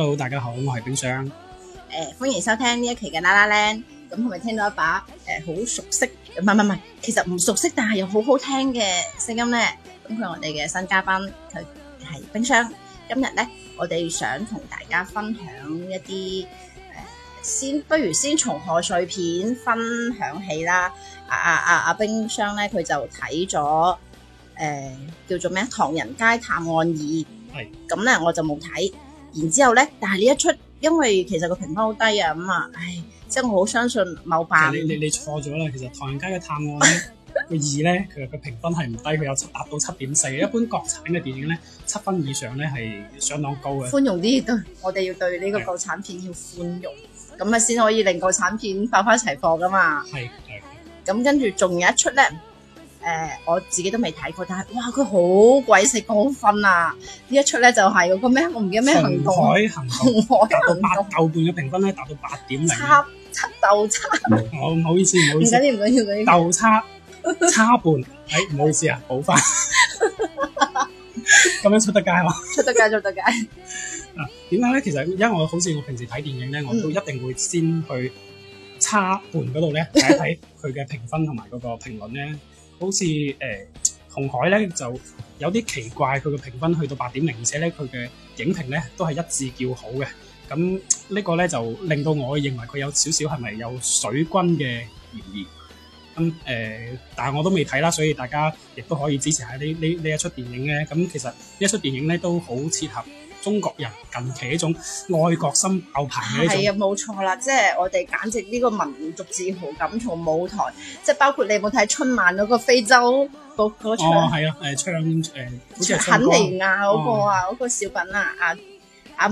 Hello 大家好，我係冰箱。誒、呃，歡迎收聽呢一期嘅啦啦咧。咁係咪聽到一把誒好熟悉？唔係唔係，其實唔熟悉，但係又好好聽嘅聲音咧。咁佢我哋嘅新嘉賓，佢係冰箱。今日咧，我哋想同大家分享一啲、呃、先，不如先從賀歲片分享起啦。啊啊啊，阿、啊、冰箱咧，佢就睇咗誒叫做咩《唐人街探案二》是，係咁咧，我就冇睇。然之後咧，但係呢一出，因為其實個評分好低啊，咁啊，唉，即係我好相信某辦。你你你錯咗啦，其實唐人街嘅探案咧個二咧，佢個 評分係唔低，佢有 7, 達到七點四，一般國產嘅電影咧七分以上咧係相當高嘅。寬容啲，對，我哋要對呢個國產片要寬容，咁啊先可以令國產片百花齊放噶嘛。係係，咁跟住仲有一出咧。誒我自己都未睇過，但係哇，佢好鬼死高分啊！呢一出咧就係嗰個咩？我唔記得咩行動。紅海行動。紅海行動。豆瓣嘅評分咧達到八點零。差差豆差。我唔好意思，唔好意思。唔緊要，唔緊要，唔緊要。豆差差半，誒唔好意思啊，補翻。咁樣出得街嘛？出得街，出得街。點解咧？其實因為我好似我平時睇電影咧，我都一定會先去差半嗰度咧睇一睇佢嘅評分同埋嗰個評論咧。好似誒紅海咧，就有啲奇怪，佢嘅評分去到八點零，而且咧佢嘅影評咧都係一致叫好嘅。咁、這個、呢個咧就令到我認為佢有少少係咪有水軍嘅嫌疑？咁誒、呃，但係我都未睇啦，所以大家亦都可以支持下呢呢呢一出電影咧。咁其實呢一出電影咧都好切合。中國人近期一種愛國心爆棚嘅一種係啊，冇 錯啦！即、就、係、是、我哋簡直呢個民族自豪感從舞台，即、就、係、是、包括你冇睇春晚嗰個非洲、那個、那個唱，係、哦、啊，係唱誒、呃、肯尼亞嗰個啊，嗰、哦那個小品、那個、啊，阿、啊、阿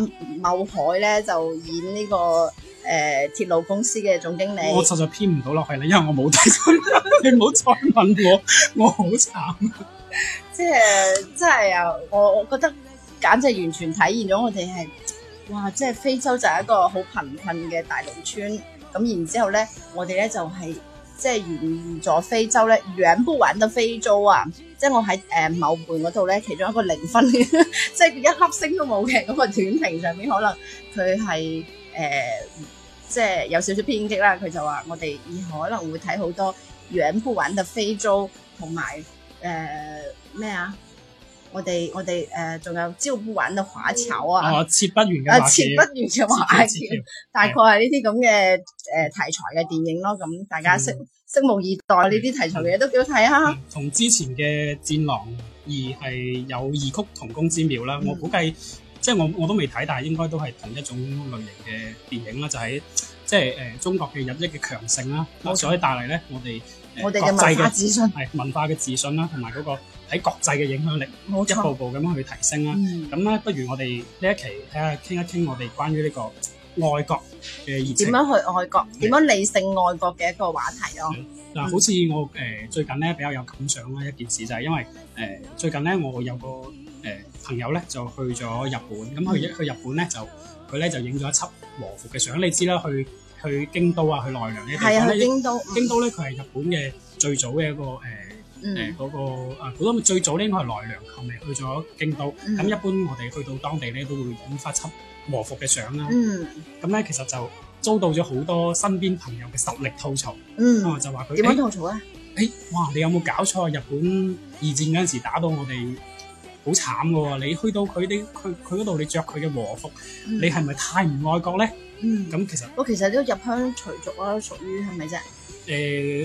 茂海咧就演呢、這個誒、呃、鐵路公司嘅總經理，我實在編唔到落去啦，因為我冇睇 你唔好再問我，我好慘。即係即係啊，我覺得。簡直完全體現咗我哋係，哇！即係非洲就係一個好貧困嘅大農村。咁然之後咧，我哋咧就係、是、即係援助非洲咧，養不完的非洲啊！即係我喺誒、呃、某伴嗰度咧，其中一個零分， 即係一粒星都冇嘅嗰個短評上面，可能佢係誒即係有少少偏激啦。佢就話我哋以後可能會睇好多養不完的非洲同埋誒咩啊？我哋我哋誒仲有招不玩到華僑啊、嗯！啊，切不完嘅華僑，大概係呢啲咁嘅誒題材嘅電影咯。咁大家拭拭目以待呢啲題材嘅嘢都幾好睇啊！同、嗯、之前嘅戰狼二係有異曲同工之妙啦。嗯、我估計即係我我都未睇，但係應該都係同一種類型嘅電影啦。就喺、是、即係誒、呃、中國嘅日益嘅強盛啦，錯所可以帶嚟咧，我哋我哋嘅文化自信係文化嘅自信啦，同埋嗰個。喺國際嘅影響力，一步步咁樣去提升啦。咁咧，不如我哋呢一期睇下傾一傾我哋關於呢個愛國嘅熱情，點樣去愛國，點樣理性愛國嘅一個話題咯。嗱，好似我誒最近咧比較有感想嘅一件事，就係因為誒最近咧我有個誒朋友咧就去咗日本，咁去去日本咧就佢咧就影咗一輯和服嘅相。你知啦，去去京都啊，去奈良呢啲地方咧，係啊，去京都。京都咧佢係日本嘅最早嘅一個誒。誒嗰啊，好多、嗯、最早咧，應該係奈良，琴嚟去咗京都。咁、嗯、一般我哋去到當地咧，都會影翻輯和服嘅相啦。咁咧、嗯、其實就遭到咗好多身邊朋友嘅實力吐槽。嗯，就話佢點樣吐槽咧？誒、欸，哇！你有冇搞錯？日本二戰嗰陣時打到我哋好慘嘅喎！你去到佢哋佢佢嗰度，你着佢嘅和服，嗯、你係咪太唔愛國咧？嗯，咁其實我其實都入鄉隨俗啦、啊，屬於係咪啫？是誒，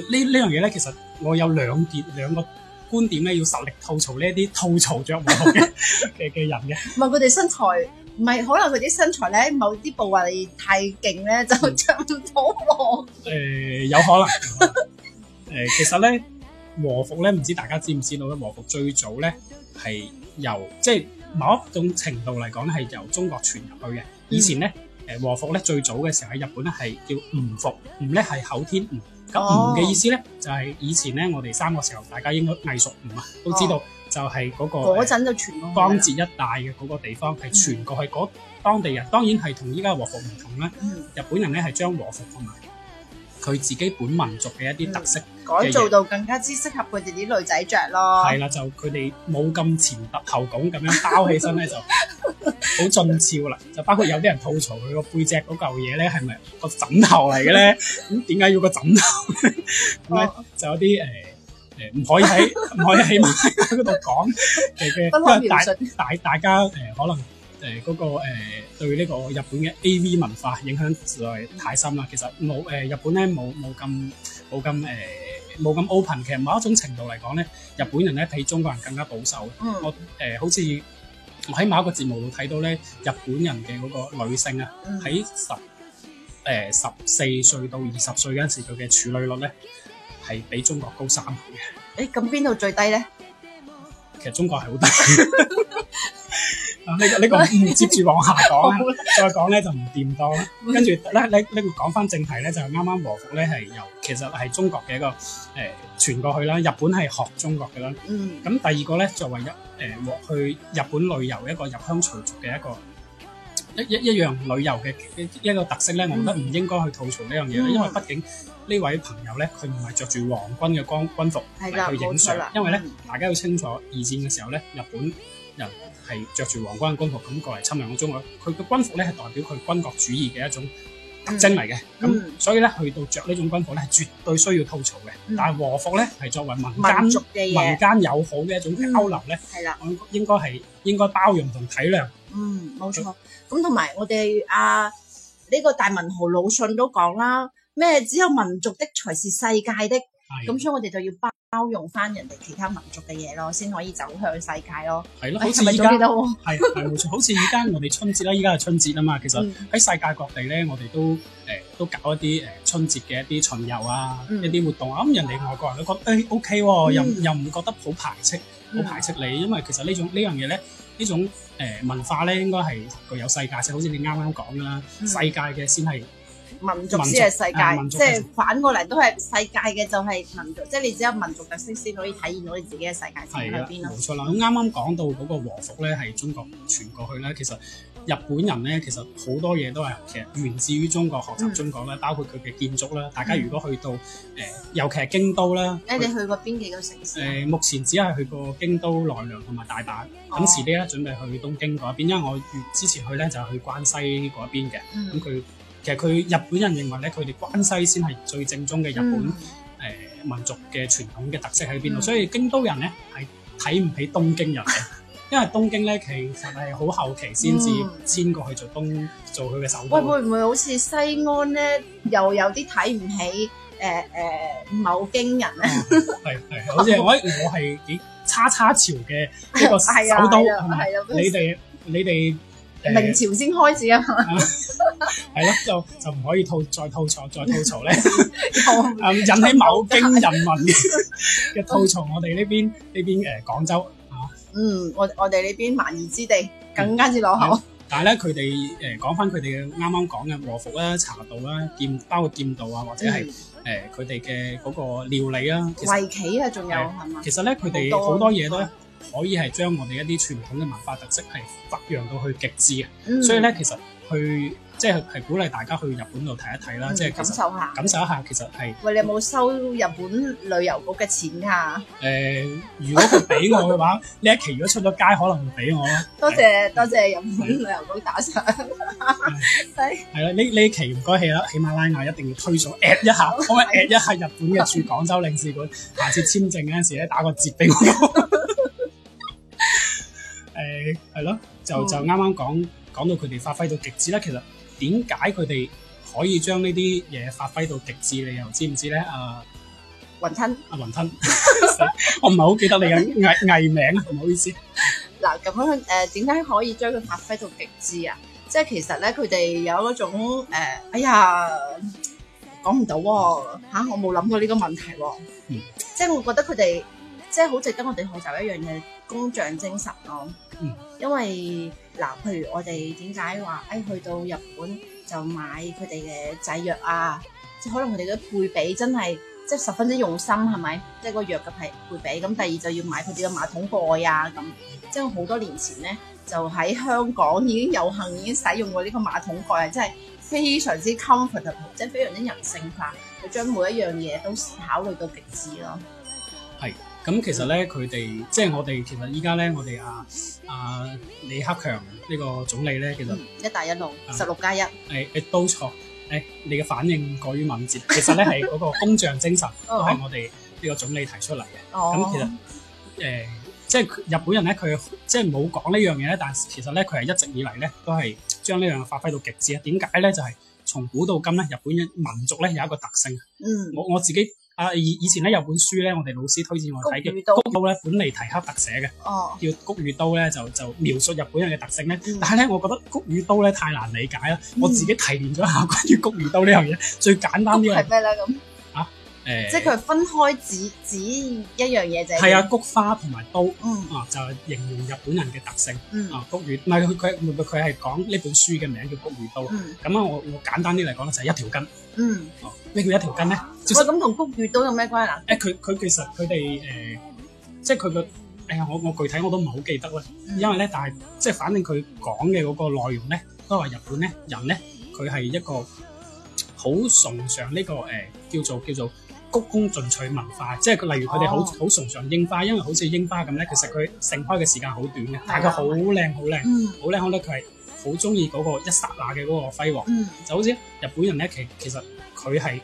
呢呢樣嘢咧，其實我有兩節兩個觀點咧，要實力吐槽呢一啲吐槽着和服嘅嘅人嘅。唔係佢哋身材，唔係可能佢哋身材咧，某啲部位太勁咧，就着唔到和服。誒，有可能。誒，其實咧，和服咧，唔知大家知唔知道咧？和服最早咧係由，即係某一種程度嚟講咧，係由中國傳入去嘅。以前咧，誒，和服咧最早嘅時候喺日本咧係叫吳服，吳咧係口天吳。咁唔嘅意思咧，就係以前咧，我哋三個時候大家應該藝術唔啊，都知道噢 就係嗰個嗰陣就傳江浙一帶嘅嗰個地方係傳過去嗰，當地人，當然係同依家和服唔同啦。日本人咧係將和服同埋。佢自己本民族嘅一啲特色改造到更加之適合佢哋啲女仔着咯，係啦，就佢哋冇咁前凸後拱咁樣包起身咧，就好俊俏啦。就包括有啲人吐槽佢個背脊嗰嚿嘢咧，係咪個枕頭嚟嘅咧？咁點解要個枕頭？咁咧就有啲誒誒唔可以喺唔可以喺喺嗰度講嘅，因為大大大家誒可能。誒嗰個誒對呢個日本嘅 AV 文化影響實在太深啦。其實冇誒日本咧，冇冇咁冇咁誒冇咁 open。其實某一種程度嚟講咧，日本人咧比中國人更加保守。我誒好似我喺某一個節目度睇到咧，日本人嘅嗰個女性啊，喺十誒十四歲到二十歲嗰陣時，佢嘅處女率咧係比中國高三倍嘅。誒咁邊度最低咧？其實中國係好低。啊！呢個呢個接住往下講啦，再講咧就唔掂多啦。跟住咧，呢呢個講翻正題咧，就啱啱和服咧係由，其實係中國嘅一個誒傳過去啦。日本係學中國嘅啦。嗯。咁第二個咧，作為一誒去日本旅遊一個入鄉隨俗嘅一個一一一樣旅遊嘅一個特色咧，我覺得唔應該去吐槽呢樣嘢啦。因為畢竟呢位朋友咧，佢唔係着住皇軍嘅光軍服去影相。因為咧，大家要清楚二戰嘅時候咧，日本人。係着住皇軍軍服咁過嚟侵略我中國，佢嘅軍服咧係代表佢軍國主義嘅一種特徵嚟嘅，咁所以咧去到着呢種軍服咧係絕對需要吐槽嘅。但係和服咧係作為民族嘅嘢，民間友好嘅一種交流咧，係啦，應該係應該包容同體諒。嗯，冇錯。咁同埋我哋啊呢個大文豪魯迅都講啦，咩只有民族的才是世界的，咁所以我哋就要包。包容翻人哋其他民族嘅嘢咯，先可以走向世界咯。係咯，好似而家係係冇錯，好似而家我哋春節啦，而家係春節啊嘛。其實喺、嗯、世界各地咧，我哋都誒、欸、都搞一啲誒春節嘅一啲巡遊啊，嗯、一啲活動啊。咁人哋外國人都覺得誒 OK，又、嗯、又唔覺得好排斥，好排斥你。因為其實種、這個、呢種呢樣嘢咧，呢種誒文化咧，應該係具有世界性。好似你啱啱講啦，嗯、世界嘅先係。民族先係世界，即係反過嚟都係世界嘅，就係民族。啊、民族即係、就是、你只有民族特色先可以體現到你自己嘅世界喺邊咯。冇錯啦。咁啱啱講到嗰個和服咧，係中國傳過去咧，其實日本人咧，其實好多嘢都係其實源自於中國，學習中國咧，包括佢嘅建築啦。大家如果去到誒、呃，尤其係京都啦。誒，你去過邊幾個城市？誒、呃，目前只係去過京都、奈良同埋大阪。咁遲啲咧，準備去東京嗰邊，因為我之前去咧就係去關西嗰邊嘅。咁佢、嗯。其實佢日本人認為咧，佢哋關西先係最正宗嘅日本誒、嗯呃、民族嘅傳統嘅特色喺邊度，嗯、所以京都人咧係睇唔起東京人，嘅，因為東京咧其實係好後期先至遷過去做東做佢嘅首都。嗯、會會唔會好似西安咧又有啲睇唔起誒誒、呃呃、某京人咧？係係，好似我我係幾叉叉朝嘅呢個首都，係、 哎嗯、你哋你哋。明朝先開始啊，係咯， 就就唔可以吐再吐，再吐槽再吐槽咧， 又 引起某京人民嘅吐槽。 嗯、我哋呢邊呢邊誒、呃、廣州嚇，啊、嗯，我我哋呢邊蠻夷之地更加之落後。嗯、但係咧，佢哋誒講翻佢哋啱啱講嘅和服啦、茶道啦、劍包括劍道啊，或者係誒佢哋嘅嗰個料理啊、圍棋啊，仲有係嘛？其實咧，佢哋好多嘢都。可以係將我哋一啲傳統嘅文化特色係發揚到去極致，所以咧，其實去即係係鼓勵大家去日本度睇一睇啦，即係感受下、嗯、感受一下，其實係喂，你有冇收日本旅遊局嘅錢啊？誒、呃，如果佢俾我嘅話，呢 一期如果出咗街可能會俾我啦。多謝對多謝日本旅遊局打賞，係係啦，呢呢 對期唔該 h e 啦，喜馬拉雅一定要推咗 at 一下，我咪 at 一下日本嘅駐廣州領事館，下次簽證嗰陣時咧打個折俾 係咯，就就啱啱講講到佢哋發揮到極致啦，其實點解佢哋可以將呢啲嘢發揮到極致，你又知唔知咧？啊，雲雲吞、啊、吞，阿雲吞，我唔係好記得你嘅藝藝名，唔好意思。嗱咁、嗯、 樣誒，點、呃、解可以將佢發揮到極致啊？即、就、係、是、其實咧，佢哋有嗰種誒、呃，哎呀，講唔到吓，我冇諗過呢個問題，即係、嗯、我覺得佢哋即係好值得我哋學習一樣嘅工匠精神咯、啊。嗯、因為嗱，譬如我哋點解話誒去到日本就買佢哋嘅製藥啊，即係可能佢哋嘅配比真係即係十分之用心，係咪？即係個藥嘅配配比。咁第二就要買佢哋嘅馬桶蓋啊，咁即係好多年前咧就喺香港已經有幸已經使用過呢個馬桶蓋，係真係非常之 comfortable，即係非常之人性化，佢將每一樣嘢都考慮到極致咯。咁其實咧，佢哋、嗯、即係我哋、啊啊，其實依家咧，我哋、嗯、啊啊李克強呢個總理咧，其實一帶一路十六加一，誒誒、欸、都錯，誒、欸、你嘅反應過於敏捷。其實咧係嗰個工匠精神，都係我哋呢個總理提出嚟嘅。咁 其實誒、欸，即係日本人咧，佢即係冇講呢樣嘢咧，但係其實咧，佢係一直以嚟咧，都係將呢樣發揮到極致啊。點解咧？就係、是、從古到今咧，日本人民族咧有一個特性。嗯，我我自己。啊，以以前咧有本書咧，我哋老師推薦我睇嘅菊與刀咧，刀本尼提克特寫嘅，哦、叫菊與刀咧，就就描述日本人嘅特性咧。嗯、但係咧，我覺得菊與刀咧太難理解啦，嗯、我自己提煉咗一下關於菊與刀呢樣嘢最簡單啲嘅係咩咧咁？即係佢分開指指一樣嘢就係、是、啊菊花同埋刀，嗯、啊就係形容日本人嘅特性，啊、嗯呃、菊與唔係佢佢佢係講呢本書嘅名叫菊與刀，咁啊、嗯嗯、我我簡單啲嚟講就係一條筋，咩叫、嗯啊、一條筋？咧我咁同菊與刀有咩關係？誒佢佢其實佢哋誒即係佢個誒我我具體我都唔係好記得啦，嗯、因為咧但係即係反正佢講嘅嗰個內容咧都係日本咧人咧佢係一個好崇尚呢、這個誒叫做叫做、叫做叫做叫做鞠躬盡瘁文化，即係例如佢哋好好崇尚櫻花，因為好似櫻花咁咧，其實佢盛開嘅時間好短嘅，嗯、但係佢好靚好靚，好靚好靚，佢係好中意嗰個一刹那嘅嗰個輝煌，嗯、就好似日本人咧，其其實佢係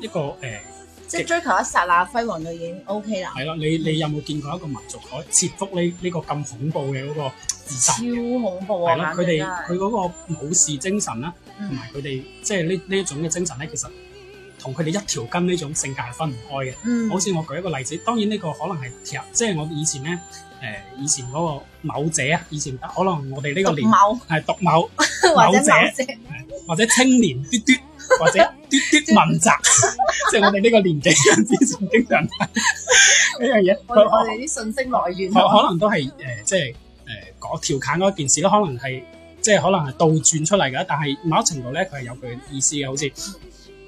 一個誒，呃、即係追求一刹那輝煌就已經 O K 啦。係咯，你你有冇見過一個民族可以切腹呢呢個咁恐怖嘅嗰個自殺？超恐怖啊！係咯了，佢哋佢嗰個武士精神啦、啊，同埋佢哋即係呢呢一種嘅精神咧、啊，其實。同佢哋一條筋呢種性格係分唔開嘅，好似、嗯、我，我舉一個例子。當然呢個可能係其實即係我以前咧誒、呃、以前嗰個某者啊，以前可能我哋呢個年某係獨某某者，或者某，或者青年咄咄，或者咄咄文集，即係轉 我哋呢個年紀嘅資訊經人呢樣嘢，我哋們啲能信息來源可能都係誒即係誒講調嗰件事咯。可能係即係可能係倒轉出嚟嘅，但係某程度咧佢係有佢意思嘅，好似。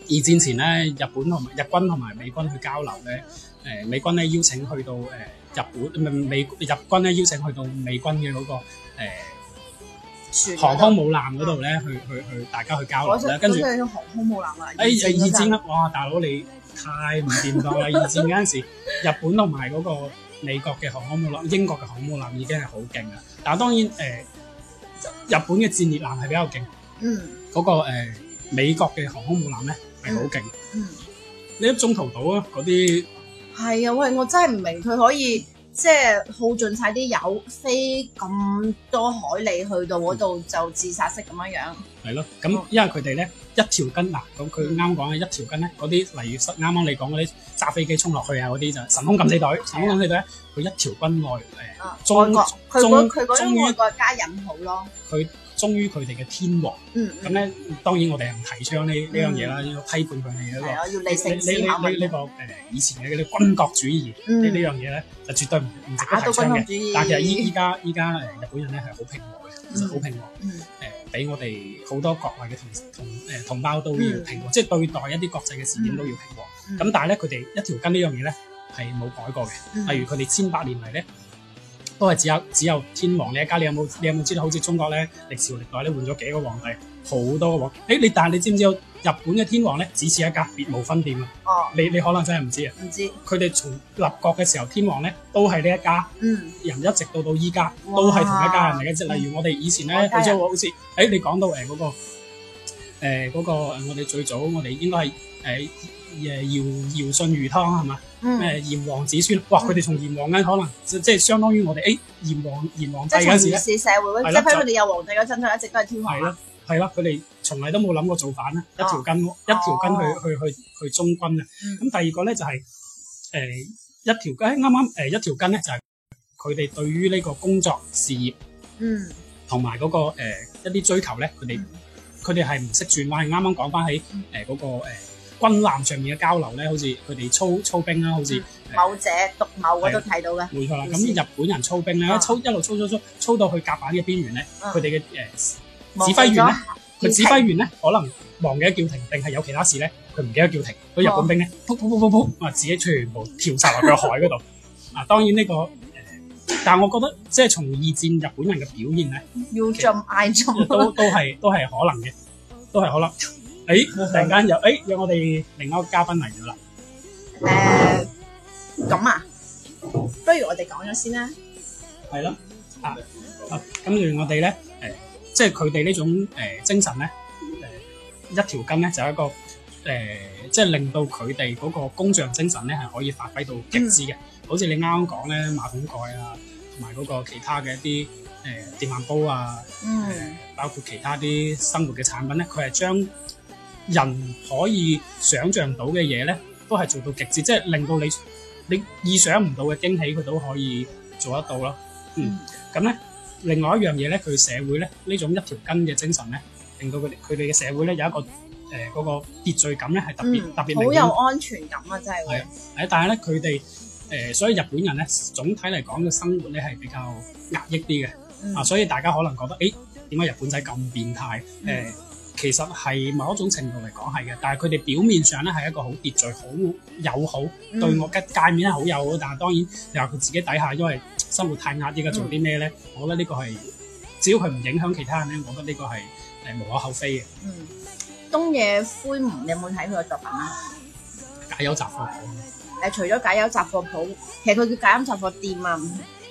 二戰前咧，日本同埋日軍同埋美軍去交流咧，誒、呃、美軍咧邀請去到誒、呃、日本，美日軍咧邀請去到美軍嘅嗰、那個、呃、頭航空母艦嗰度咧，去去去大家去交流咧，想跟住著航空母艦啊！二戰，哎、二戰啊，哇！大佬你太唔掂當啦！ 二戰嗰陣時，日本同埋嗰個美國嘅航空母艦、英國嘅航空母艦已經係好勁啦。但係當然誒、呃，日本嘅戰列艦係比較勁，嗯、那個，嗰、呃、個美國嘅航空母艦咧。 好勁、嗯！嗯，你喺中途島啊，嗰啲係啊喂，我真係唔明佢可以即係耗盡晒啲油飛咁多海里去到嗰度、嗯、就自殺式咁樣樣。係咯、啊，咁因為佢哋咧一條筋嗱，咁佢啱講嘅一條筋咧，嗰啲例如啱啱你講嗰啲揸飛機衝落去啊嗰啲就神空敢死隊，神空敢死隊佢、嗯啊、一條筋、呃啊、裝外誒，中中忠於國家好咯。忠於佢哋嘅天皇，咁咧當然我哋係唔提倡呢呢樣嘢啦，呢個批判佢哋嗰個，呢呢呢呢個誒以前嘅啲軍國主義，呢呢樣嘢咧就絕對唔唔值得提倡嘅。但其實依依家依家日本人咧係好平和嘅，其實好平和，誒俾我哋好多國內嘅同同誒同胞都要平和，即係對待一啲國際嘅事件都要平和。咁但係咧佢哋一條根呢樣嘢咧係冇改過嘅，例如佢哋千百年嚟咧，都係只有只有天皇呢一家，你有冇你有冇知道？好似中國咧，歷朝歷代咧換咗幾個皇帝，好多個皇帝。誒、欸，你但係你知唔知道日本嘅天皇咧，只似一家，別無分店啊！哦，你你可能真係唔知啊！唔知佢哋從立國嘅時候，天皇咧都係呢一家，嗯，人一直到到依家都係同一家人嚟嘅。嗯、即係例如我哋以前咧，嗯、好似好、欸、你講到誒嗰、欸那個誒、欸那個、我哋最早我哋應該係誒。欸誒堯堯舜禹湯係嘛？誒炎黃子孫，哇！佢哋從炎黃咧可能即係相當於我哋，誒炎黃炎皇帝嗰陣時咧，即係原始社會，即係喺佢哋有皇帝嗰陣，佢一直都係天下。係咯，係咯，佢哋從嚟都冇諗過造反啦，一條根，一條根去去去去忠君嘅。咁第二個咧就係誒一條根，啱啱誒一條根咧就係佢哋對於呢個工作事業，嗯，同埋嗰個誒一啲追求咧，佢哋佢哋係唔識轉啦，係啱啱講翻喺誒嗰個誒。軍艦上面嘅交流咧，好似佢哋操操兵啦，好似某者讀某我都睇到嘅，冇錯啦。咁日本人操兵咧，操一路操操操，操到去甲板嘅邊緣咧，佢哋嘅誒指揮員咧，佢指揮員咧可能忘記叫停，定係有其他事咧，佢唔記得叫停。佢日本兵咧，噗噗噗噗噗，啊，自己全部跳曬落個海嗰度。啊，當然呢個誒，但係我覺得即係從二戰日本人嘅表現咧，都都係都係可能嘅，都係可能。誒，突然間又誒，有我哋另一個嘉賓嚟咗啦。誒，咁啊，不如我哋講咗先啦。係咯，啊啊，跟住我哋咧，誒，即係佢哋呢種誒精神咧，誒，一條筋咧，就係一個誒，即係令到佢哋嗰個工匠精神咧係可以發揮到極致嘅。好似你啱啱講咧馬桶蓋啊，同埋嗰個其他嘅一啲誒電飯煲啊，嗯，包括其他啲生活嘅產品咧，佢係將。人可以想象到嘅嘢咧，都係做到極致，即係令到你你意想唔到嘅驚喜，佢都可以做得到囉。嗯，咁咧，另外一樣嘢咧，佢社會咧呢種一條筋嘅精神咧，令到佢哋佢哋嘅社會咧有一個誒嗰個秩序感咧，係特別特別好，有安全感啊！真係係，但係咧佢哋誒，所以日本人咧總體嚟講嘅生活咧係比較壓抑啲嘅啊，所以大家可能覺得誒，點解日本仔咁變態誒？其實係某一種程度嚟講係嘅，但係佢哋表面上咧係一個好秩序、好友好對我嘅界面咧好友好。友好嗯、但係當然你話佢自己底下因為生活太壓抑，而家做啲咩咧，我覺得呢個係只要佢唔影響其他人咧，我覺得呢個係係無可厚非嘅。東野圭吾，你有冇睇佢嘅作品啊？解憂雜貨。誒，除咗解憂雜貨鋪，其實佢叫解憂雜貨店啊。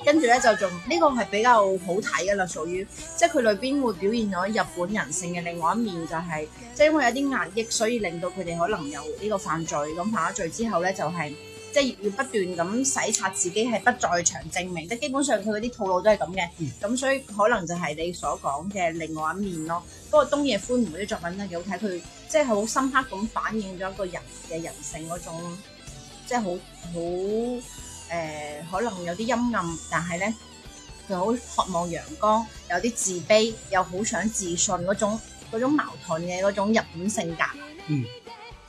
跟住咧就仲呢、這個係比較好睇嘅啦，屬於即係佢裏邊會表現咗日本人性嘅另外一面、就是，就係即係因為有啲壓抑，所以令到佢哋可能有呢個犯罪。咁犯咗罪之後咧，就係、是、即係要不斷咁洗刷自己係不在場證明。即係基本上佢嗰啲套路都係咁嘅。咁、嗯、所以可能就係你所講嘅另外一面咯。不過東野圭吾啲作品真係幾好睇，佢即係好深刻咁反映咗個人嘅人性嗰種，即係好好。誒，可能有啲陰暗，但係咧，佢好渴望陽光，有啲自卑，又好想自信嗰種嗰種矛盾嘅嗰種日本性格。嗯，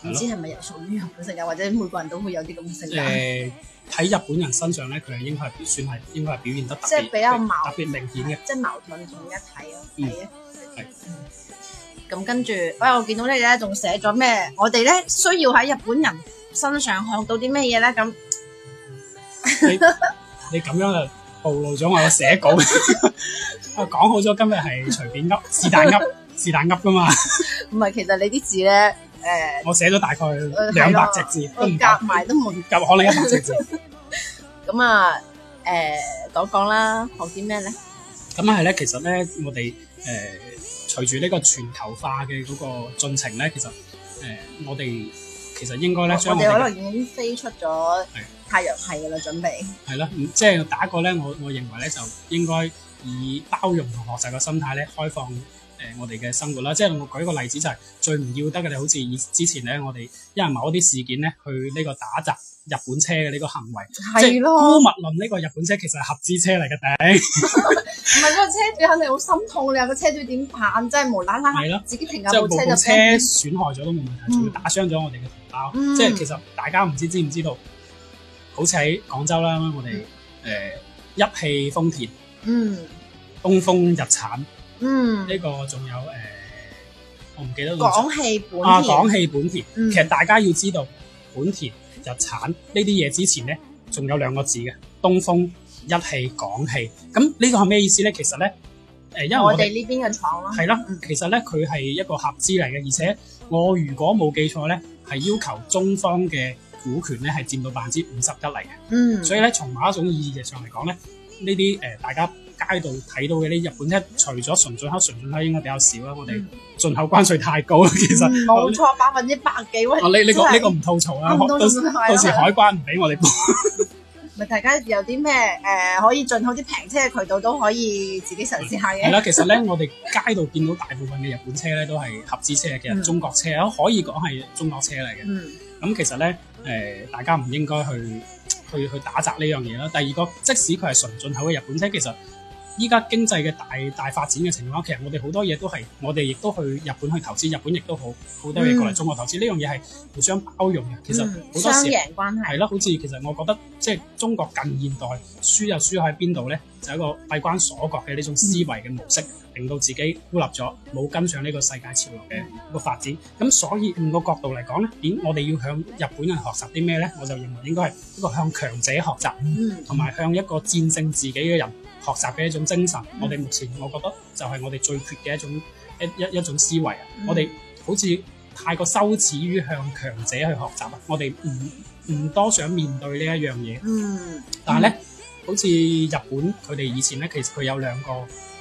唔知係咪屬屬於日本性格，或者每個人都會有啲咁嘅性格。誒，喺日本人身上咧，佢係應該係算係應該係表現得即係比較矛盾，特別明顯嘅，即係矛盾同一體咯。嗯，係。咁跟住，喂，我見到你咧，仲寫咗咩？我哋咧需要喺日本人身上看到啲咩嘢咧？咁。你你咁樣就暴露咗我寫稿啊！講好咗今日係隨便噏，是但噏，是但噏噶嘛？唔係，其實你啲字咧，誒，我寫咗大概兩百隻字，都夾埋都冇夾，可能一百隻字。咁啊，誒，講講啦，學啲咩咧？咁係咧，其實咧，我哋誒，隨住呢個全球化嘅嗰個進程咧，其實誒，我哋其實應該咧，我哋可能已經飛出咗。太陽係啦，準備係咯，即係第一個咧，我我認為咧，就應該以包容同學習嘅心態咧，開放誒、呃、我哋嘅生活啦。即係我舉個例子就係、是、最唔要得嘅，就好似以之前咧，我哋因為某啲事件咧，去呢個打砸日本車嘅呢個行為，的即係姑勿論呢個日本車其實係合資車嚟嘅頂，唔係嗰個車主肯定好心痛㗎，你話個車主點辦？真係無啦啦，自己停架部了車就車損害咗都冇問題，仲要打傷咗我哋嘅同胞，嗯嗯、即係其實大家唔知知唔知道？知好似喺廣州啦，我哋誒、嗯呃、一汽、豐田、嗯，東風、日產，嗯，呢個仲有誒、呃，我唔記得。廣汽本啊，廣汽本田，其實大家要知道本田、日產呢啲嘢之前咧，仲有兩個字嘅東風、一汽、廣汽。咁呢個係咩意思咧？其實咧，誒，因為我哋呢邊嘅廠咯，係咯，其實咧佢係一個合資嚟嘅，而且我如果冇記錯咧，係要求中方嘅。股權咧係佔到百分之五十一嚟嘅，嗯，所以咧從某一種意義上嚟講咧，呢啲誒大家街道睇到嘅呢日本車，除咗純進口，純進口應該比較少啦，我哋進口關稅太高啦，其實冇錯，百分之百幾喎，你你呢個唔吐槽啦，到時海關唔俾我哋講，大家有啲咩誒可以進好啲平車嘅渠道都可以自己嘗試下嘅。係啦，其實咧我哋街道見到大部分嘅日本車咧都係合資車嘅，中國車可以講係中國車嚟嘅，咁其實咧。誒，大家唔應該去去去打砸呢樣嘢啦。第二個，即使佢係純進口嘅日本車，其實。依家經濟嘅大大發展嘅情況，其實我哋好多嘢都係，我哋亦都去日本去投資，日本亦都好好多嘢過嚟中國投資，呢樣嘢係互相包容嘅。其實好多時、嗯、係咯，好似其實我覺得，即、就、係、是、中國近現代輸又輸喺邊度咧？就是、一個閉關鎖國嘅呢種思維嘅模式，嗯、令到自己孤立咗，冇跟上呢個世界潮流嘅一個發展。咁所以換個角度嚟講咧，點我哋要向日本人學習啲咩咧？我就認為應該係一個向強者學習，同、嗯、埋、嗯、向一個戰勝自己嘅人。學習嘅一種精神，我哋目前我覺得就係我哋最缺嘅一種一一一種思維啊！嗯、我哋好似太過羞恥於向強者去學習啊！我哋唔唔多想面對呢一樣嘢。嗯，但係呢咧，嗯、好似日本佢哋以前咧，其實佢有兩個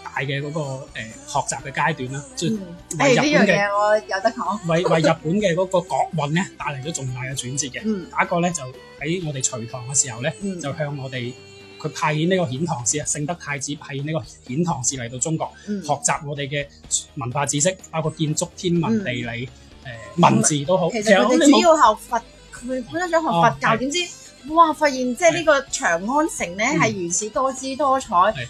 大嘅嗰、嗰個誒學習嘅階段啦。即係呢樣嘢我有得講。為為日本嘅嗰、嗯、個國運咧，帶嚟咗重大嘅轉折嘅。嗯，第、嗯、一個咧就喺我哋隋唐嘅時候咧，就向我哋。佢派遣呢個遣唐使，啊，聖德太子派遣呢個遣唐使嚟到中國學習我哋嘅文化知識，包括建築、天文、地理、誒文字都好。其實佢哋主要學佛，佢本身想學佛教，點知哇發現即係呢個長安城咧係如此多姿多彩，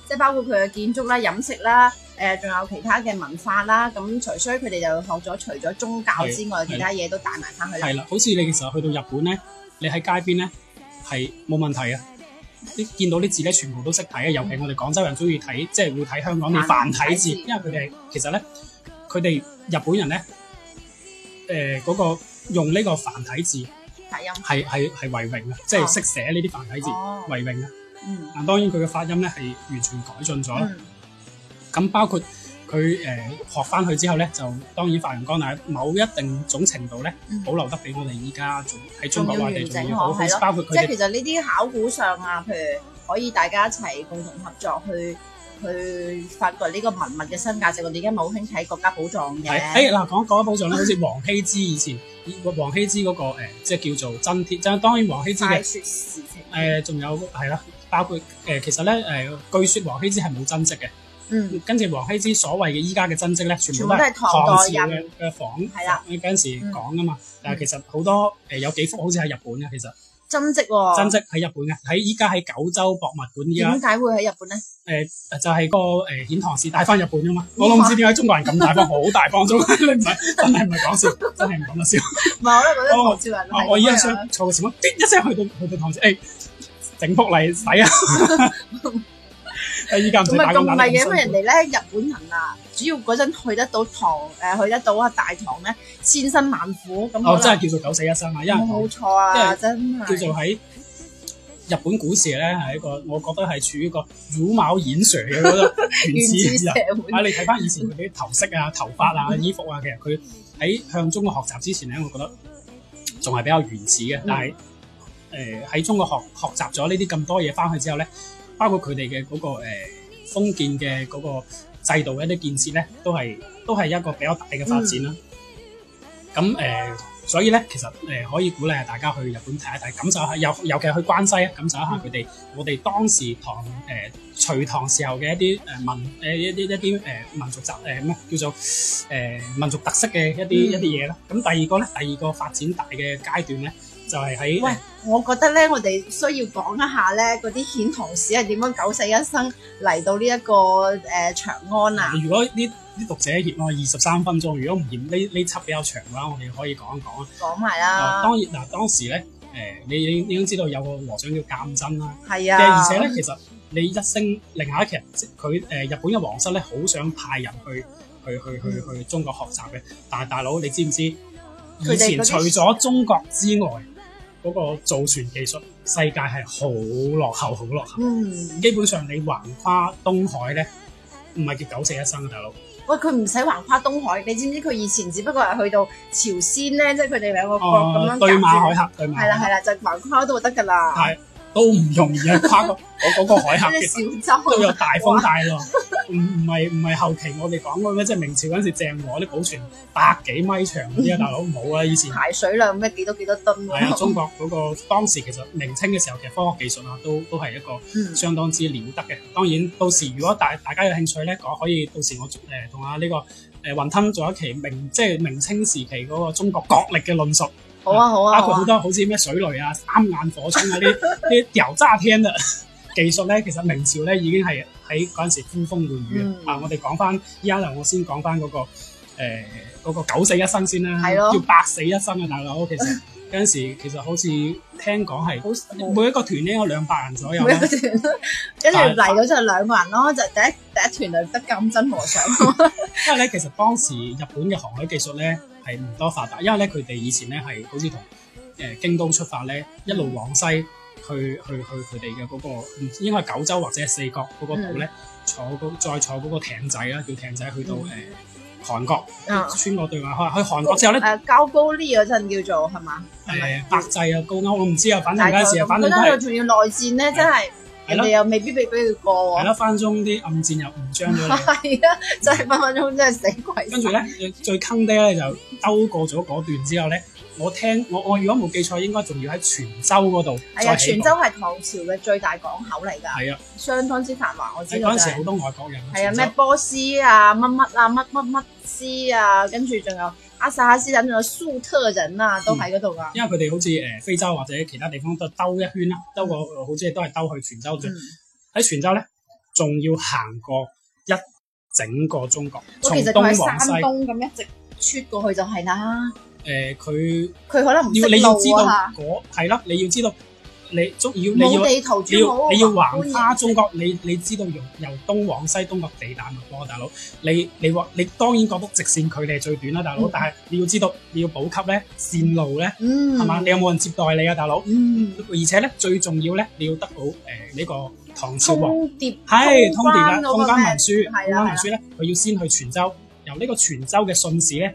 即係包括佢嘅建築啦、飲食啦、誒仲有其他嘅文化啦。咁除咗佢哋就學咗除咗宗教之外，其他嘢都帶埋翻去。係啦，好似你嘅時候去到日本咧，你喺街邊咧係冇問題嘅。啲見到啲字咧，全部都識睇嘅，尤其我哋廣州人中意睇，即係會睇香港啲繁體字，因為佢哋其實咧，佢哋日本人咧，誒嗰個用呢個繁體字，係音係係係為榮啊，即係識寫呢啲繁體字、哦、為榮啊。嗯，但當然佢嘅發音咧係完全改進咗咯。咁包括。佢誒、呃、學翻去之後咧，就當然發揚光大。某一定種程度咧，嗯、保留得比我哋依家仲喺中國內地仲要好，要了包括佢。即係其實呢啲考古上啊，譬如可以大家一齊共同合作去去發掘呢個文物嘅新價值。我哋而家冇興睇國家寶藏嘅？誒嗱，講國家寶藏咧，好似、嗯、王羲之以前，王羲之嗰，那個、呃、即係叫做真帖。真當然王羲之嘅説事情誒，仲、呃、有係啦，包括誒其實咧誒，據説王羲之係冇真跡嘅。嗯，跟住王羲之所謂嘅依家嘅真跡咧，全部都係唐代嘅仿。係啦。嗰陣時講啊嘛，但係其實好多誒有幾幅好似喺日本嘅，其實真跡喎，真跡喺日本嘅，喺依家喺九州博物館。點解會喺日本咧？誒就係個誒遣唐使帶翻日本啊嘛！我唔知點解中國人咁大方，好大方咗，你唔係真係唔係講笑，真係唔講嘅笑。唔係我都我依家想錯個詞啊！一聲去到去到唐詩，整幅嚟使啊！咁啊，仲唔係嘅？因咁人哋咧，日本人啊，主要嗰陣去得到唐，誒，去得到啊大唐咧，千辛萬苦咁。哦，樣真係叫做九死一生啊！因為冇錯啊，因為 真係的叫做喺日本古時咧，係一個我覺得係處於一個茹毛飲血嘅嗰個原始、啊、 原始社會啊！你睇翻以前佢啲頭飾啊、頭髮啊、 衣服啊，其實佢喺向中國學習之前咧，我覺得仲係比較原始嘅。但係誒喺中國學學習咗呢啲咁多嘢翻去之後咧。包括佢哋嘅嗰個、呃、封建嘅嗰個制度嘅一啲建設咧，都係都係一個比較大嘅發展啦。咁誒、嗯呃，所以咧，其實誒、呃、可以鼓勵大家去日本睇一睇，感受下，尤尤其去關西啊，感受一下佢哋、嗯、我哋當時唐誒隋唐時候嘅一啲誒民誒一啲、呃、一啲誒民族習誒咩叫做誒、呃、民族特色嘅一啲、嗯、一啲嘢咯。咁第二個咧，第二個發展大嘅階段咧。就係喺喂，我覺得咧，我哋需要講一下咧嗰啲遣唐使係點樣九死一生嚟到呢、這、一個誒、呃、長安啊！如果呢啲讀者嫌我二十三分鐘，如果唔嫌呢呢輯比較長嘅話，我哋可以講一講啊，講埋啦。當然嗱，當時咧誒、呃，你已經知道有個和尚叫鑑真啦，係啊。而且咧，其實你一聲令下一，另外一其實，佢、呃、誒日本嘅皇室咧，好想派人去去去去去，去，去，去，去中國學習嘅。但係大佬，你知唔知以前除咗中國之外？嗰個造船技術世界係好落後，好落後。嗯，基本上你橫跨東海咧，唔係叫九死一生啊，大佬。喂，佢唔使橫跨東海，你知唔知佢以前只不過係去到朝鮮咧，即係佢哋兩個國咁樣對馬海峽，對，對馬係啦係啦，就橫跨都得噶啦。係。都唔容易啊！跨過我嗰個海峽嘅， 小州都有大風大浪。唔唔係唔係，後期我哋講過咩？即係明朝嗰陣時，鄭和啲寶船百幾米長嗰啲啊， 大佬冇啊！以前排水量咩幾多幾多噸、啊？係啊，中國嗰、那個當時其實明清嘅時候，其實科學技術啊，都都係一個相當之了得嘅。 當然到時如果大大家有興趣咧，可可以到時我誒同啊呢個誒、呃、雲吞做一期明即係明清時期嗰個中國國力嘅論述。好啊，好啊，包括好多好似咩水雷啊、三眼火槍啊啲啲吊炸天啊，技術咧，其實明朝咧已經係喺嗰陣時呼風喚雨、嗯、啊。我哋講翻依家嚟，我先講翻嗰、那個誒、呃那個九死一生先啦，哦、叫百死一生啊大佬，其實。 嗰陣時其實好似聽講係，每一個團咧有兩百人左右，跟住嚟咗就兩個人咯，就但第一第一團就得鑑真和尚。 因為咧，其實當時日本嘅航海技術咧係唔多發達，因為咧佢哋以前咧係好似同誒京都出發咧，一路往西去去去佢哋嘅嗰個，應該係九州或者係四國嗰個島咧，嗯、坐嗰再坐嗰個艇仔啦，叫艇仔去到嘅。嗯韓國，穿過對話開去韓國之後咧，誒高高麗嗰陣叫做係嘛？係啊，百濟啊高歐，我唔知啊，反正嗰陣時反正佢嗰陣又仲要內戰咧，真係人哋又未必俾佢過喎。係咯，分分啲暗戰又唔將咗。係啊，真係分分鐘真係死鬼。跟住咧，最坑爹咧就兜過咗嗰段之後咧。我聽我我如果冇記錯，應該仲要喺泉州嗰度。係啊，泉州係唐朝嘅最大港口嚟㗎。係啊，相當之繁華，我知道、就是。嗰陣時好多外國人。係啊，咩波斯啊，乜乜啊，乜乜乜斯啊，跟住仲有阿薩哈斯等仲有粟特人啊，都喺嗰度啊。因為佢哋好似誒非洲或者其他地方都兜一圈啦，兜過好似都係兜去泉州。喺泉州咧，仲要行過一整個中國，從喺山東咁一直出過去就係啦。誒佢佢可能要你要知道嗰係啦，你要知道你中要你要你要橫跨中國，你你知道由由東往西，東個地帶路噃，大佬你你話你當然覺得直線距離最短啦，大佬，但係你要知道你要補給咧，線路咧，係嘛？你有冇人接待你啊，大佬？嗯，而且咧最重要咧，你要得到誒呢個唐朝，通牒係通牒啦，通關文書，通關文書咧，佢要先去泉州，由呢個泉州嘅信使咧。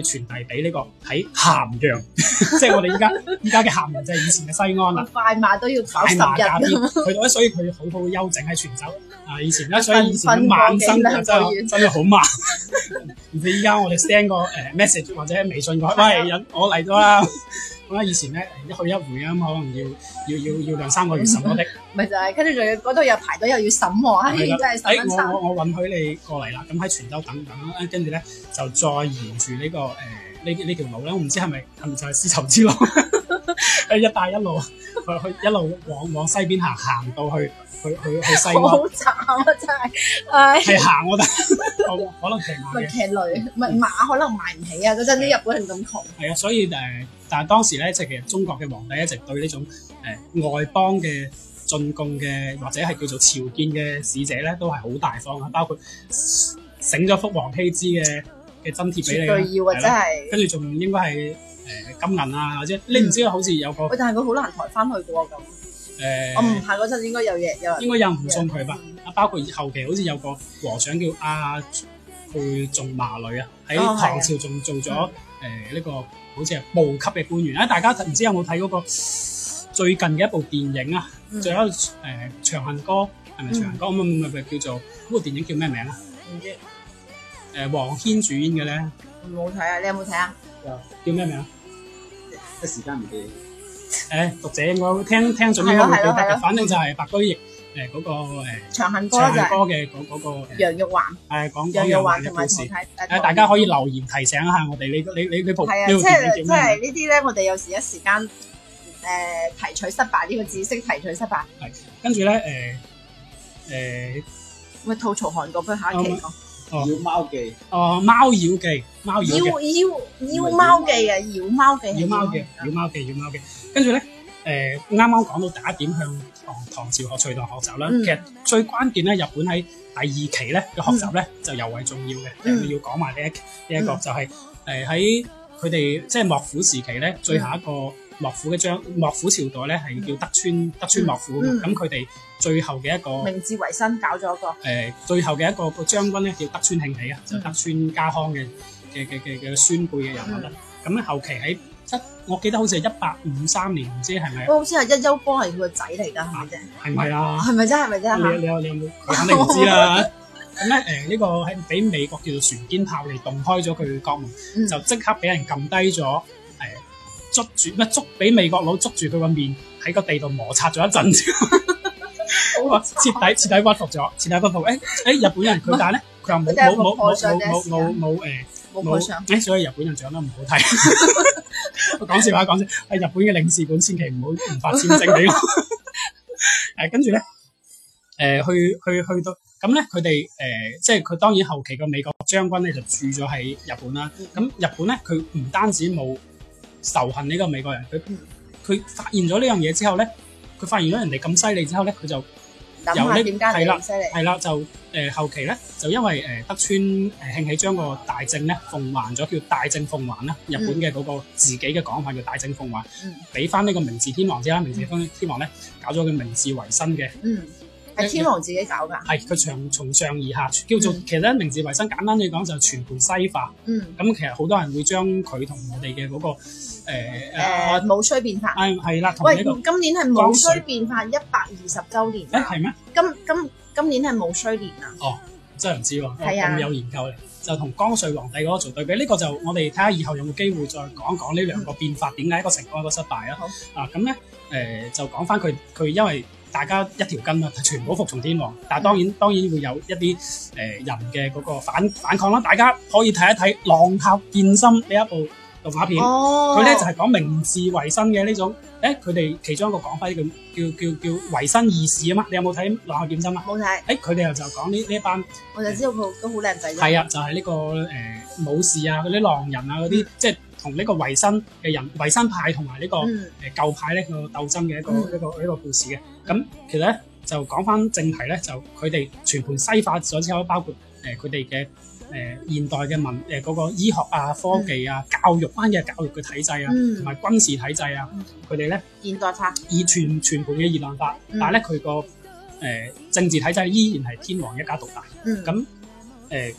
去傳遞俾呢、這個喺咸陽，鹹洋 即係我哋依家依家嘅咸陽，鹹洋就係以前嘅西安啦。 快馬都要跑十日，去到所以佢好好休整喺泉州啊！以前咧，所以 以前晚生真係真係好慢。而且依家我哋 send 個誒、呃、 message 或者喺微信講，喂， 我嚟咗啦。 啊！以前咧一去一回啊，咁可能要要要要兩三個月審啊，唔係 就係跟住仲要嗰度又排隊又要審喎， 真係唉、欸！我我我允許你過嚟啦，咁喺泉州等等跟住咧就再沿住呢、呢個誒呢呢條路咧，我唔知係咪係係咪就係絲綢之路。 誒， 一帶一路去去一路往往西邊行，行到去去去去西安。 好慘啊，真係。係行我得。可能騎馬嘅，騎驢唔係馬，可能買唔起啊！嗰陣啲日本人咁窮。係啊，所以誒，但係當時咧，即係其實中國嘅皇帝一直對呢種誒外邦嘅進貢嘅或者係叫做朝見嘅使者咧，都係好大方啊！包括整咗幅王羲之嘅嘅真帖俾你要啊，係啦了，的跟住仲應該係。誒，金銀啊或者，你唔知好似有個，喂，但係佢好難抬翻去噶咁。誒，我唔怕嗰陣應該有嘢，有應該有人唔送佢吧。啊，包括後期好似有個和尚叫阿去種麻女啊，喺唐朝仲做咗誒呢個好似係部級嘅官員。誒，大家唔知有冇睇嗰個最近嘅一部電影啊？仲有誒《長恨歌》，係咪長恨歌？唔唔唔，叫做嗰部電影叫咩名啊？唔知。誒，黃軒主演嘅咧。冇睇啊！你有冇睇啊？叫咩名？一時間唔記。誒，讀者，我聽聽咗都記得嘅，反正就係白居易誒嗰個誒長恨歌啦，長恨歌嘅嗰嗰個楊玉環。係講楊玉環嘅故事。誒，大家可以留言提醒一下我哋，你你你你部要即係呢啲咧，我哋有時一時間誒提取失敗，呢個知識提取失敗。係。跟住咧，誒誒，我吐槽韓國，不如下一期講。妖貓記，哦，貓妖記，貓妖記，妖妖妖貓記嘅，妖貓記，妖貓記，妖貓記，妖貓記，妖貓記，跟住咧，誒，啱啱講到第一點向唐唐朝學隋唐學習啦，其實最關鍵咧，日本喺第二期咧嘅學習咧就尤為重要嘅，一定要講埋呢一呢一個就係，誒喺佢哋即係幕府時期咧，最後一個。幕府嘅將幕府朝代咧係叫德川，德川幕府嘅。咁佢哋最後嘅一個明治維新搞咗個誒最後嘅一個個將軍咧叫德川慶喜啊，就德川家康嘅嘅嘅嘅嘅孫輩嘅人物啦。咁咧後期喺一我記得好似係一八五三年唔知係咪？好似係一休哥係佢個仔嚟㗎，係咪啫？係咪啊？係咪啫？係咪啫？嚇！你你有你有冇揀歷史啦？咁咧誒呢個喺俾美國叫做船堅炮利洞開咗佢嘅國門，就即刻俾人撳低咗。捉，捉，捉住乜？捉俾美國佬捉住佢個面喺個地度摩擦咗一陣， 徹底徹底屈服咗，徹底屈服。誒誒、欸欸，日本人佢點咧？佢又冇冇冇冇冇冇誒冇誒，所以日本人長得唔好睇。我 講笑話，講笑。誒，日本嘅領事館千祈唔好唔發簽證俾我。誒，跟住咧，誒去去去，去到咁咧，佢哋誒即係佢當然後期嘅美國將軍咧就住咗喺日本啦。咁、啊、日本咧佢唔單止冇仇恨呢個美國人，佢佢、嗯、發現咗呢樣嘢之後咧，佢發現咗人哋咁犀利之後咧，佢就由呢點解？係啦，係啦就誒、呃、後期咧，就因為誒、呃、德川誒興起將個大政咧奉還咗，叫大，嗯、叫大政奉還啦，日本嘅嗰個自己嘅講法叫大政奉還，俾翻呢個明治天皇之後。之啦，明治天皇咧搞咗個明治維新嘅。嗯天皇自己搞噶，係佢從從上而下叫做，嗯、其實明治維新，簡單嚟講就全盤西化。嗯，咁、嗯、其實好多人會將佢同我哋嘅嗰個誒誒、欸嗯啊、戊戌變法係係啦。啊這個、喂，今年係戊戌變法一百二十周年？誒、欸，係咩？今今今年係戊戌年啊？哦，真係唔知，咁有研究嚟，啊、就同光緒皇帝嗰個做對比。呢、這個就我哋睇下以後有冇機會再講講呢兩個變法點解一個成功一個失敗啊？嗯、好啊，咁咧誒就講翻佢佢因為。大家一條筋啊，全部服從天王，但係當然當然會有一啲誒、呃、人嘅嗰個反反抗啦。大家可以睇一睇《浪客劍心》呢一部動畫片，佢咧、哦、就係、是、講明治維新嘅呢種，誒佢哋其中一個講法，叫叫叫、叫「維新二事」啊嘛。你有冇睇《浪客劍心》啊？冇睇。誒佢哋又就講呢呢一班，我就知道佢、呃、都好靚仔。係啊，就係、是、呢、這個誒、呃、武士啊，嗰啲狼人啊，嗰啲即係。同呢個維新嘅人、維新派同埋呢個誒舊派呢個鬥爭嘅一個一個一個故事嘅，咁其實咧就講返正題咧，就佢哋全盤西化咗之後，包括誒佢哋嘅誒現代嘅文誒嗰個醫學啊、科技啊、教育翻嘅教育嘅體制啊，同埋軍事體制啊，佢哋咧現代化以全全盤嘅現代化，但係咧佢個誒政治體制依然係天皇一家獨大，咁誒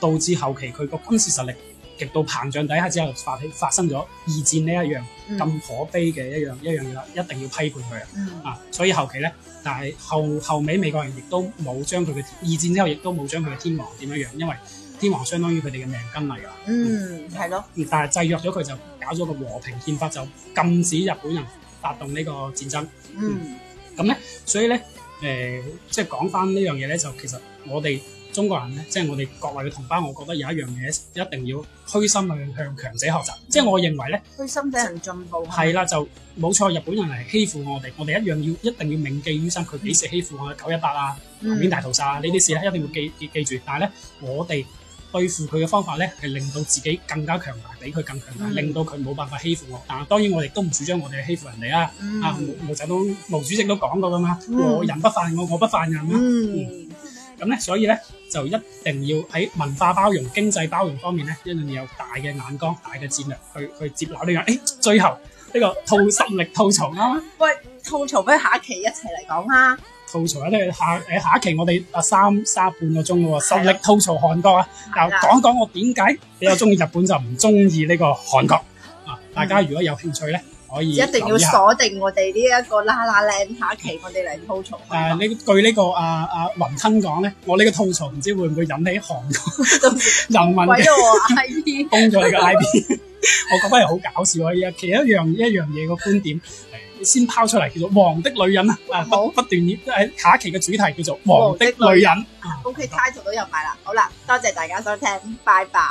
導致後期佢個軍事實力。極度膨脹底下之後發起發生咗二戰呢一樣咁可悲嘅一樣、嗯、一樣嘢啦，一定要批判佢啊！嗯、啊，所以後期咧，但係後後尾美國人亦都冇將佢嘅二戰之後，亦都冇將佢嘅天皇點樣樣，因為天皇相當於佢哋嘅命根嚟㗎。嗯，係咯、嗯。但係制約咗佢就搞咗個和平憲法，就禁止日本人發動呢個戰爭。嗯，咁咧、嗯嗯，所以咧，誒、呃，即係講返呢樣嘢咧，就其實我哋。中國人咧，即、就、係、是、我哋國內嘅同胞，我覺得有一樣嘢一定要虛心去向強者學習。即係我認為咧，虛心使人進步。係啦，就冇錯，日本人係欺負我哋，我哋一樣要一定要銘記於心。佢幾時欺負我？嗯、九一八啊，南京大屠殺啊，呢啲、嗯、事咧一定要記記住。但係咧，我哋對付佢嘅方法咧係令到自己更加強大，比佢更強大，嗯、令到佢冇辦法欺負我。但係當然我哋都唔主張我哋欺負人哋啦。嗯、啊，毛澤東毛主席都講過噶嘛，我人不犯我，我不犯人啊。嗯嗯咁咧，所以咧就一定要喺文化包容、經濟包容方面咧，一定要有大嘅眼光、大嘅戰略去去接納呢樣。誒，最後呢、這個套實力吐槽咯、啊。喂，吐槽不如下一期一齊嚟講啦。吐槽咧、啊，下誒下一期我哋啊三三半個鐘咯、啊。實力吐槽韓國啊，嗱講的一講我點解比較中意日本就唔中意呢個韓國啊？大家如果有興趣咧。嗯可以一,一定要鎖定我哋呢一個啦啦靚下期我、啊這個啊，我哋嚟吐槽。誒，呢據呢個阿阿雲吞講咧，我呢個吐槽唔知會唔會引起韓國都是 人民嘅 I P 封咗個 I P？我覺得係好搞笑啊！依家其一樣一樣嘢個觀點，先拋出嚟叫做黃的女人啊好！不不斷要下一期嘅主題叫做黃的女人。OK title 都入埋啦，好啦，好多謝大家收聽，拜拜。